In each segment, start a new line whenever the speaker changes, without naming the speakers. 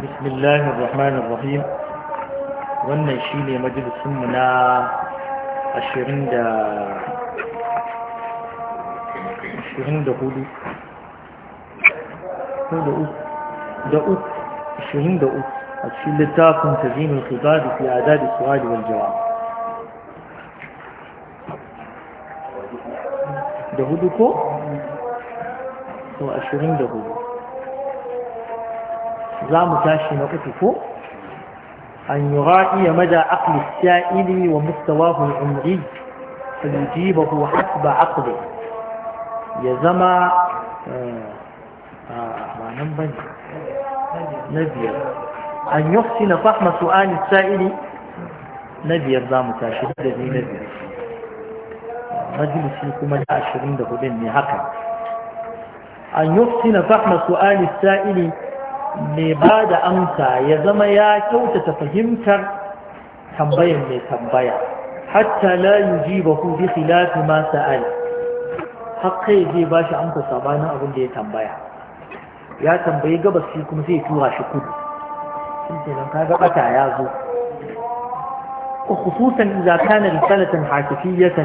بسم الله الرحمن الرحيم wannan shine majalisin mu na 20 da 23 da 3 da 3 a cikin littafin تزيين الخطاب في اعداد السؤال والجواب 20 da 4 za mu tashi na uku ko أن يراعي مدى عقل السائل ومستواه العمري فيجيبه حسب عقله يزما آه، آه، ما نبير أن يحسن فهم سؤال السائل نبير زام تاشد الذي نبير مجلس لكم العشرين دهدن هكذا أن يحسن فهم سؤال السائل mai ba da amsa ya zama ya kyautata fahimtar tambayan mai tambaya hatta la jiba bi khilafi ma sa'al zai ba shi amsa sabanin abin da ya tambaya ya tambayi gabas shi kuma zai tura shi kudu shi kenan kaga bata ya zo خصوصا إذا كان رسالة عاطفية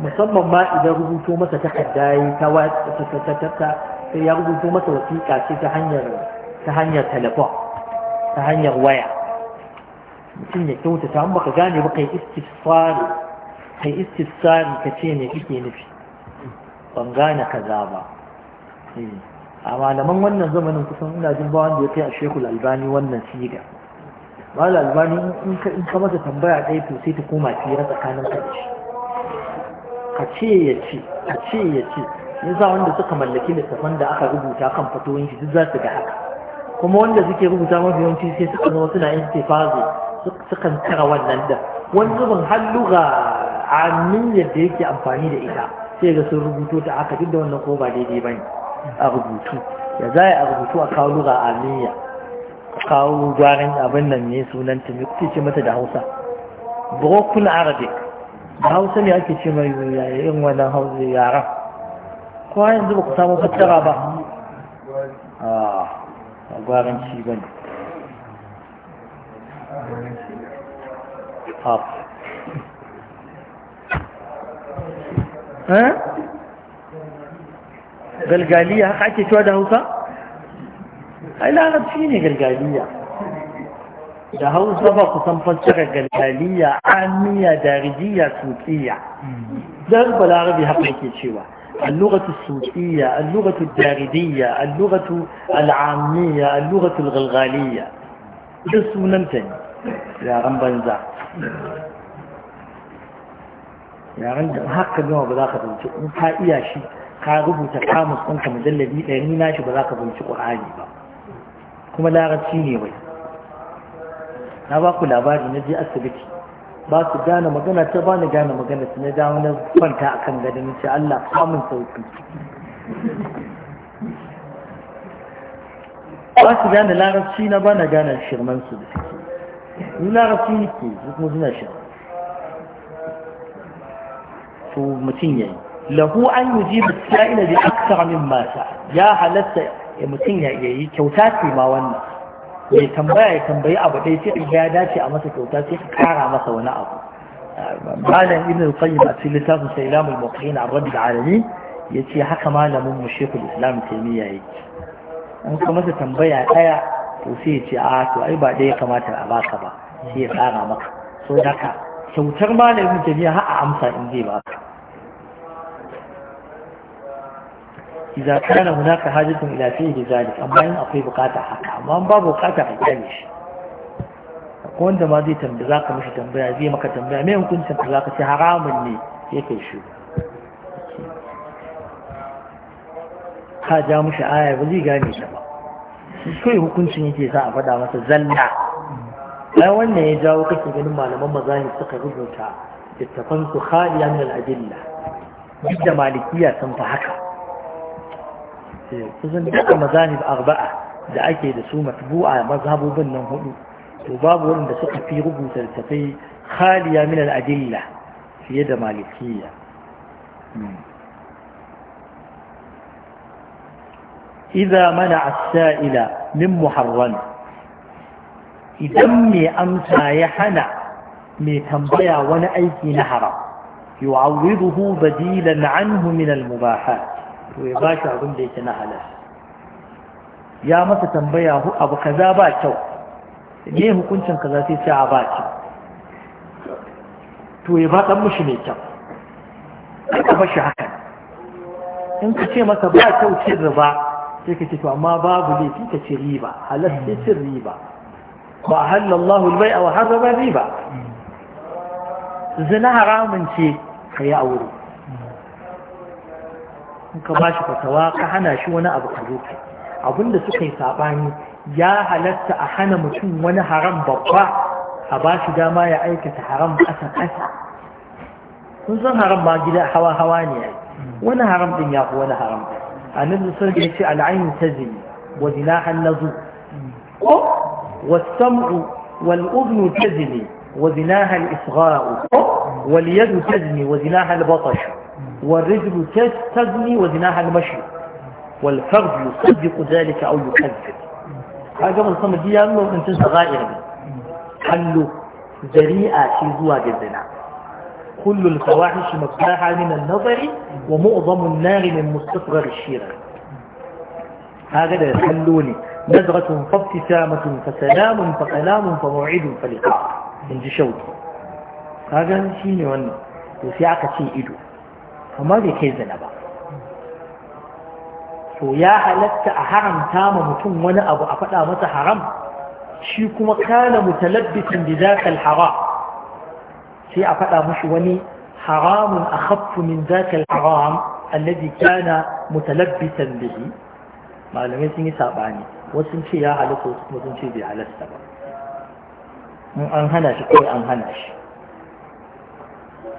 musamman ma idan rubuto masa takarda ya ta ya rubuto masa wasiƙa ce ta hanyar ta hanyar telefon ta hanyar waya mutum ya kyautata an baka gane ba kai istifsari kai istifsari ka ce me kike nufi ban gane kaza ba hmm. a malaman wannan zamanin kusan ina jin ba wanda ya kai a shekul albani wannan siga mala albani in ka masa tambaya ɗaya to sai ta koma fiye tsakanin kanci ka ce ya ce ka ce ya ce yasa wanda suka mallaki littafan da aka rubuta kan fatoyin shi duk za su ga haka kuma wanda suke rubuta mafi yawanci sai suka zama suna yin tefazo sukan tara wannan da wani zubin har ga amin yadda yake amfani da ita sai ga sun rubuto ta aka duk da wannan ko ba daidai ba ne. a rubutu ya za a rubutu a kawo lura luga aminiya kawo gwarin abin nan ne sunan ta me kuke ce mata da hausa broken arabic da hausa ne ake ce mai yayin wannan hausa yaran ko yanzu ba ku samu fassara ba gwaranci ba ne eh? galgaliya haka ake cewa da hausa? ai larabci ne galgaliya da hausa ba ku san fassarar galgaliya amiya darijiya tukiya don balarabi haka yake cewa اللغة السوسية اللغة الداردية اللغة العامية اللغة الغلغالية ده سننتني يا غنبنزا يا غنبنزا حق جوا بذاك بلتك انت ايا شيء ka rubuta kamus ɗinka mujallabi ɗaya ni nashi ba za ka bunci ƙur'ani ba kuma larabci ne wai ba su gane magana ta ba ni gane magana ta na dawo na kwanta a kan gadon ce Allah samun sauki ba su gane larabci na ba na gane shirman su da suke ni larabci ne ke kuma suna shirman su mutum ya yi lahu an yi jibu sa'ila da aksar min mata ya halatta mutum ya yi kyauta ce ma wannan mai tambaya ya tambayi abu ɗaya sai ya dace a masa kyauta sai ka kara masa wani abu malam ibn al-qayyim a cikin littafin sa ilamul muqin ar-rabb al-alamin yace haka malamin mu shekul islam taymiya yake an ka masa tambaya ɗaya to sai ya ce a to ai ba ɗaya kamata a baka ba sai ya kara maka so haka kyautar malamin taymiya har a amsa in zai baka iza kana hunaka hajjatun ila fihi bidzalik amma in akwai bukata haka amma ba bukata a gare shi ko wanda ma zai tambaya zaka mishi tambaya zai maka tambaya me in kuncin ka zaka haramun ne yake shi ka ja mishi aya ba zai gane ta ba kai hukuncin yake sa a faɗa masa zalla ai wannan ya jawo kake ganin malaman mazahib suka rubuta ittafan su khaliyan min al-adilla duk da malikiya sun fa haka تزن دقا مذانب أربعة دا أكي دا سو مطبوعة مذهب بلنه وباب ولن دا سقى في ربو تلتفي خالية من الأدلة في يد مالكية إذا منع السائل من محرم إذا مي أمسى يحنى مي تنبيع ونأيك نهرا يعوضه بديلا عنه من المباحات to ya ba shi abin da yake na halal ya masa tambaya abu kaza ba kyau ne hukuncin kaza sai sai a ba kyau to ya ba ɗan mushi mai kyau ka bashi haka in ka ce masa ba kyau cin riba sai ka ce to amma babu laifi ka ci riba halal sai cin riba ba halallahu albai'a wa harrama riba zina haramun ce ka yi a aure in ka ba shi fatawa ka hana shi wani abu ka zo kai abinda suka yi saɓani ya halatta a hana mutum wani haram babba a ba shi dama ya aikata haram ƙasa ƙasa kun san haram ma gida hawa hawa ne ya wani haram din ya fi wani haram annabi sun ya ce ta tazini wa zinahan nazu ko wasam'u wal udnu tazini wa zinaha al-isgha'u wal yadu tazini wa zinaha al-batash والرجل تستغني وزناها المشي والفرد يصدق ذلك أو يكذب هذا من صمد دي أنه تنسى صغائر حل ذريئة في زواج الزنا كل الفواحش مفتاحة من النظر ومعظم النار من مستصغر الشيرة هذا يحلوني نزغة فابتسامة فسلام فكلام فموعد فلقاء من جشوتي هذا شيء وانا وفي عقد شيء إدو amma bai kai zina ba to ya halatta a haramta ma mutum wani abu a faɗa masa haram shi kuma kana mutalabbisin bi zakal haram sai a faɗa mashi wani haramun akhaffu min zakal haram alladhi kana mutalabbisan bihi malamai sun yi saɓani, wasu ce ya halatta wasu sun ce bai halatta ba in an hana shi kawai an hana shi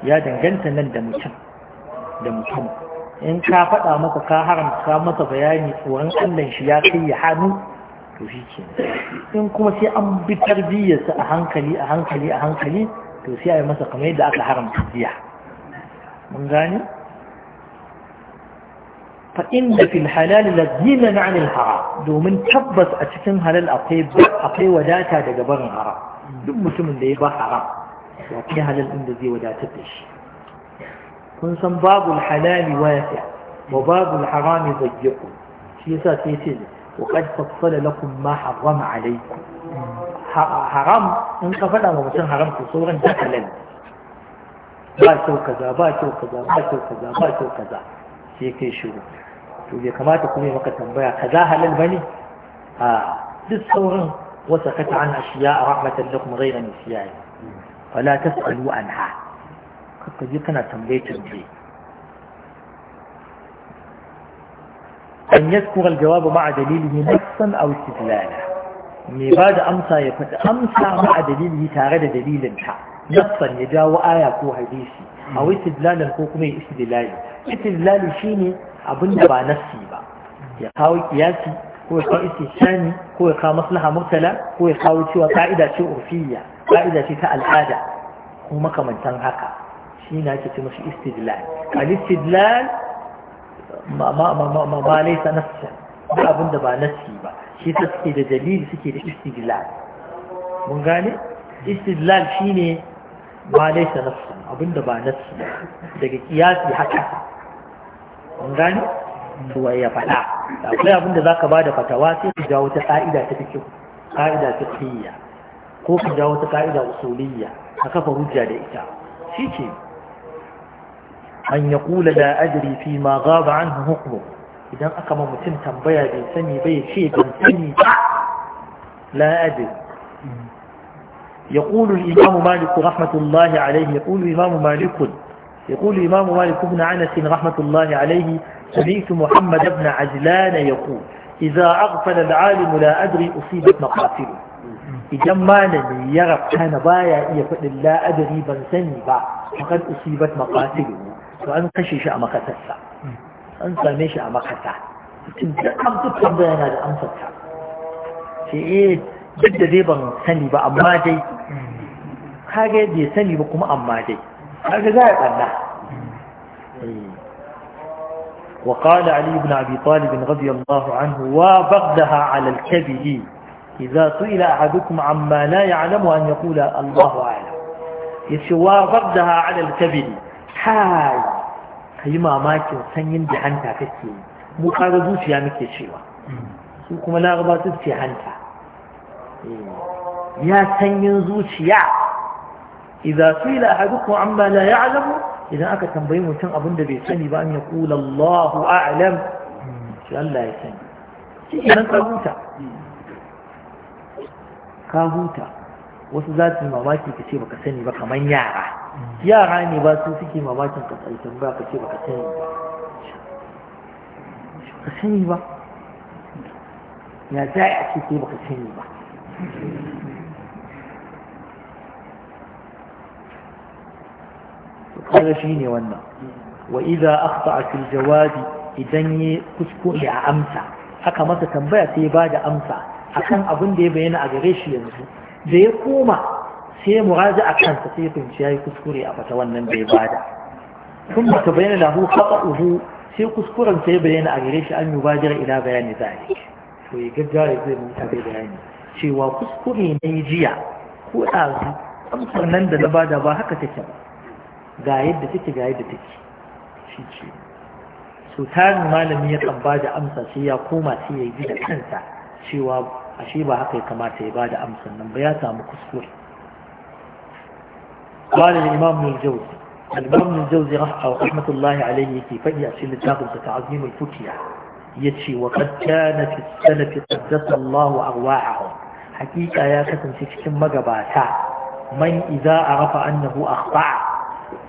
ya danganta nan da mutum da mutum in ka faɗa masa ka haramta masa bayani tsoron Allah shi ya kai ya hannu to shi ke in kuma sai an bi tarbiyyarsa a hankali a hankali a hankali to sai a yi masa kamar yadda aka haramta jiya mun gane fa inda fil halal lazina na anil haram domin tabbas a cikin halal akwai wadata daga barin haram duk mutumin da ya ba haram ya kai halal da zai wadatar da shi kun san babul halali wasi wa babul harami bayyiku shi yasa sai ce wa qad fassala lakum ma harrama alaykum haram in ka faɗa wa mutum haram to sauran da halal ba kyau kaza ba kyau kaza ba kyau kaza ba kyau kaza sai kai shiru to bai kamata kuma maka tambaya kaza halal bane a duk sauran wasa kata an ashiya a rahmatan lakum ghayra nisyan fala tas'alu anha ka ji kana tambaye tambaye an yaskura aljawabu ma'a dalilihi nafsan aw istidlala mai ba da amsa ya faɗi amsa ma'a dalilihi tare da dalilinta nafsan ya jawo aya ko hadisi a wai ko kuma ya istidlali istidlali shine abin da ba nafsi ba ya kawo kiyasi ko ya kawo istishani ko ya kawo maslaha murtala ko ya kawo cewa ka'ida ce urfiyya ka'ida ce ta al'ada ko makamantan haka shi na ake ce mashi istidlal al-istidlal ma ma ma ma ba laisa nassa ba abin da ba nassi ba shi ta suke da dalili suke da istidlal mun gane istidlal shine ba laisa nassa abin da ba nassi daga kiyasi haka mun gane to ya faɗa akwai abin da zaka da fatawa sai ka jawo ta ka'ida ta fiqh ka'ida fiqhiyya ko ka jawo ta ka'ida usuliyya ka kafa hujja da ita shi ce أن يقول لا أدري فيما غاب عنه نقمه إذا hukumu idan تنبيا ma بي شيء bai لا أدري يقول الإمام مالك رحمة الله عليه يقول الإمام مالك يقول الإمام مالك بن عنس رحمة الله عليه سمعت محمد بن عجلان يقول إذا أغفل العالم لا أدري أصيبت مقاتله إذا ما لم يرى كان بايا فإن لا أدري بن سني فقد أصيبت مقاتله وعن قشي شعما خسسا أنت لمي شعما خسسا تنتقب تطلب بيانا لأنت في إيه بدا ديبا سني بأما دي حاجة دي سني بكم أما دي حاجة ذاك أنا وقال علي بن أبي طالب رضي الله عنه وبغدها على الكبه إذا سئل أحدكم عما لا يعلم أن يقول الله أعلم يسوى بغدها على الكبد kai ka yi mamakin sanyin da hanta kake yi mu kaga zuciya muke cewa su kuma laraba su ce hanta eh, ya sanyin zuciya idan su yi la'adukum amma la ya'lamu idan aka tambayi mutum abin da bai sani ba an ya kula Allahu shi Allah ya sani shi idan ka huta ka huta wasu za su mamaki ka ce baka sani ba kamar yara yara ne ba su suke mamakin kasaitin ba ka ce ba ka sani ba ka sani ba ya za a ce ke ba ka sani ba kaga shi ne wannan wa aka akhta'a fil jawabi idan ya kuskure a amsa aka masa tambaya sai ba bada amsa akan abin da ya bayyana a gare shi yanzu da ya koma sai muraja a kansa sai fahimci ya yi kuskure a fata wannan bai bada sun ba ta bayyana lahu haɓa uhu sai kuskuren sai bayyana a gare shi an yi bajar ila bayani yi to ya gaggawa zai mun bai bayani cewa kuskure na yi jiya ko ɗazu amsar nan da na bada ba haka take ba ga yadda take ga yadda take shi ce so tarin malami ya kan bada amsa sai ya koma sai ya ji da kansa cewa ashe ba haka ya kamata ya bada amsar nan ba ya samu kuskure قال الإمام الجوزي الإمام الجوزي رحمة الله عليه في فجأة سلتاهم تعظيم الفتية يتشي وقد كان في السلف قدس الله أرواحهم حقيقة يا كتن سكتم مقباتا من إذا عرف أنه أخطأ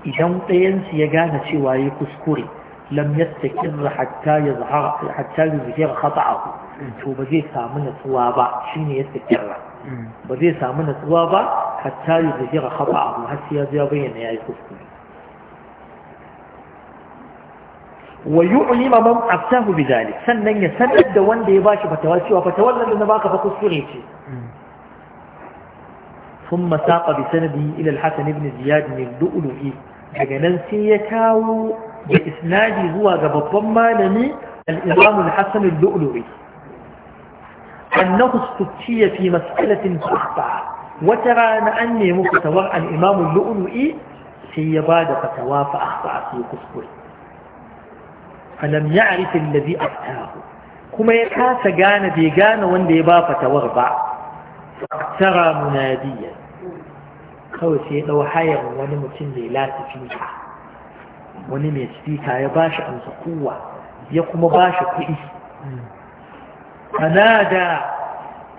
إذا مطينس يقان سواي كسكري لم يستكر حتى يظهر حتى يظهر خطأه to ba zai samu natsuwa ba shine ya tsakirra ba zai samu natsuwa ba حتى يظهر خطأه هسي يبين يا يكفر ويعلم من أفتاه بذلك سنن يسند دوان دي باش فتوالسي وفتولى لنباك فكسره ثم ساق بسنده إلى الحسن بن زياد من اللؤلؤي حجنان سيكاو بإسنادي هو قبضان مالني الإمام الحسن اللؤلؤي أنه استفتي في مسألة تخطع wata rana an nemi fatawar al'imamun lu'ulu'i sai ya ba da fatawa fa a ba a kuskure alam ya arifin da bi kuma ya kasa gane bai gane wanda ya ba fatawar ba tara munadiyya kawai sai ya ɗau hayar wani mutum mai latifika wani mai spika ya ba shi amsa kowa ya kuma ba shi kuɗi na da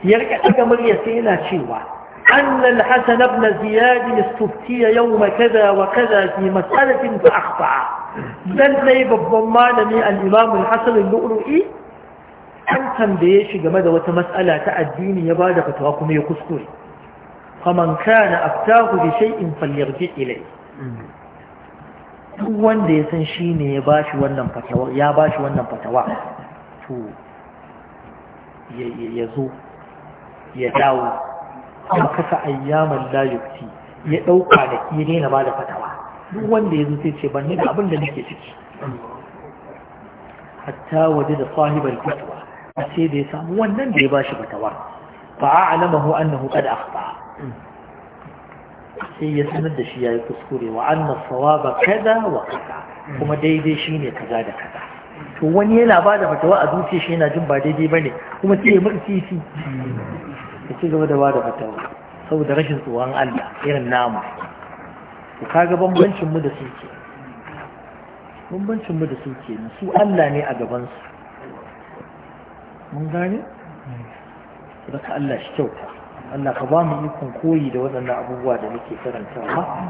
yarka ɗaga murya sai yana cewa أن الحسن بن زياد استفتي يوم كذا وكذا في مسألة فأخطأ. أ ل ة بل زيد ا من الإمام الحسن اللؤلؤي أ ن ت م بيش جمد و ت م س أ ل ة ت أ د ي ن ي ي ب ا د ق تراكم يقصدون فمن كان أ ف ت ا ه بشيء فليرجع إ ل ي ه وان دي سنشيني يباش ونن فتوى يباش ونن فتوى يزور يتاور an kasa ayyaman la yukti ya dauka da ki ne na bada fatawa duk wanda yazo sai ce ban ni da abin da nake ciki hatta waje da fatawa a sai da ya samu wannan da ya bashi fatawa fa a'lamahu annahu qad akhta sai ya sanar da shi yayi kuskure wa anna sawaba kaza wa kada kuma daidai shine kaza da kaza to wani yana bada fatawa a zuciyarsa yana jin ba daidai bane kuma sai ya shi ya ci gaba da ba da fatawa saboda rashin tsoron Allah irin namu ku kaga bambancin mu da su ke bambancin mu da su ke su Allah ne a gaban su mun gane ka Allah shi kyauta Allah ka ba mu ikon koyi da waɗannan abubuwa da muke karantawa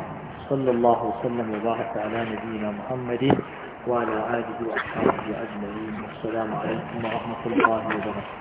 sallallahu sallam wa baraka ala nabiyina muhammadin wa ala alihi wa ashabihi ajma'in assalamu alaikum wa rahmatullahi da barakatuh